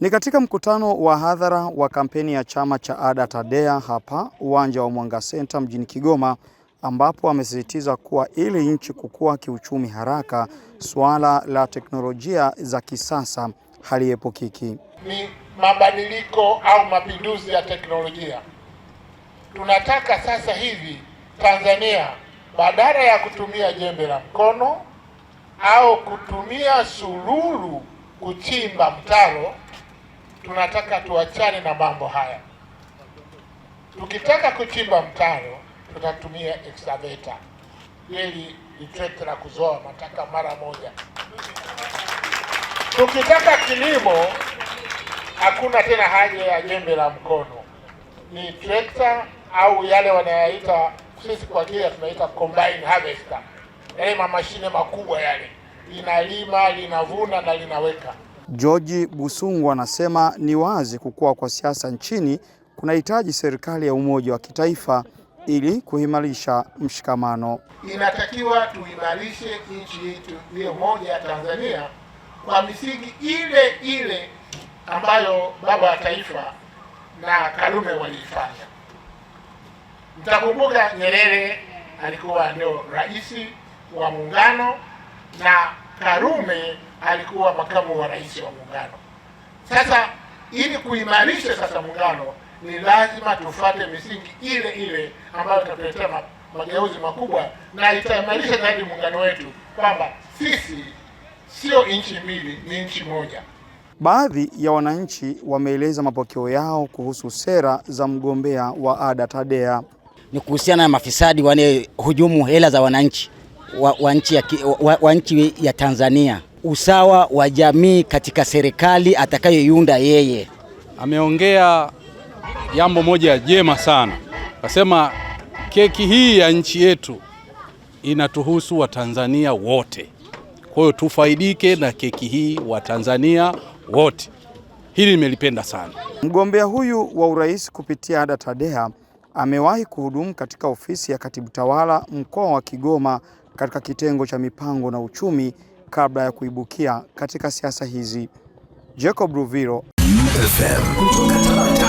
Ni katika mkutano wa hadhara wa kampeni ya chama cha Ada Tadea hapa uwanja wa Mwanga Center mjini Kigoma, ambapo amesisitiza kuwa ili nchi kukua kiuchumi haraka, suala la teknolojia za kisasa haliepukiki. Ni mabadiliko au mapinduzi ya teknolojia. Tunataka sasa hivi Tanzania badala ya kutumia jembe la mkono au kutumia sululu kuchimba mtaro tunataka tuachane na mambo haya. Tukitaka kuchimba mtaro tutatumia excavator ili ni trekta la kuzoa mataka mara moja. Tukitaka kilimo hakuna tena haja ya jembe la mkono, ni trekta au yale wanayaita sisi kwa jina tunaita combine harvester, yale yaani mamashine makubwa yale, linalima linavuna na linaweka George Busungu anasema ni wazi kukua kwa siasa nchini kunahitaji serikali ya umoja wa kitaifa ili kuimarisha mshikamano. Inatakiwa tuimarishe nchi yetu iwe moja ya Tanzania kwa misingi ile ile ambayo baba wa taifa na Karume waliifanya. Mtakumbuka Nyerere alikuwa ndio rais wa muungano na Karume alikuwa makamu wa rais wa muungano. Sasa ili kuimarisha sasa muungano, ni lazima tufate misingi ile ile ambayo ma, mageuzi makubwa na itaimarisha zaidi muungano wetu, kwamba sisi sio nchi mbili, ni nchi moja. Baadhi ya wananchi wameeleza mapokeo yao kuhusu sera za mgombea wa ada TADEA. Ni kuhusiana na mafisadi wanaohujumu hela za wananchi wa, wa nchi ya, wa, wa nchi ya Tanzania usawa wa jamii katika serikali atakayoiunda yeye. Ameongea jambo moja jema sana, akasema keki hii ya nchi yetu inatuhusu Watanzania wote, kwa hiyo tufaidike na keki hii Watanzania wote. Hili nimelipenda sana. Mgombea huyu wa urais kupitia ADA TADEA amewahi kuhudumu katika ofisi ya katibu tawala mkoa wa Kigoma katika kitengo cha mipango na uchumi kabla ya kuibukia katika siasa hizi. Jacob Ruvilo FM.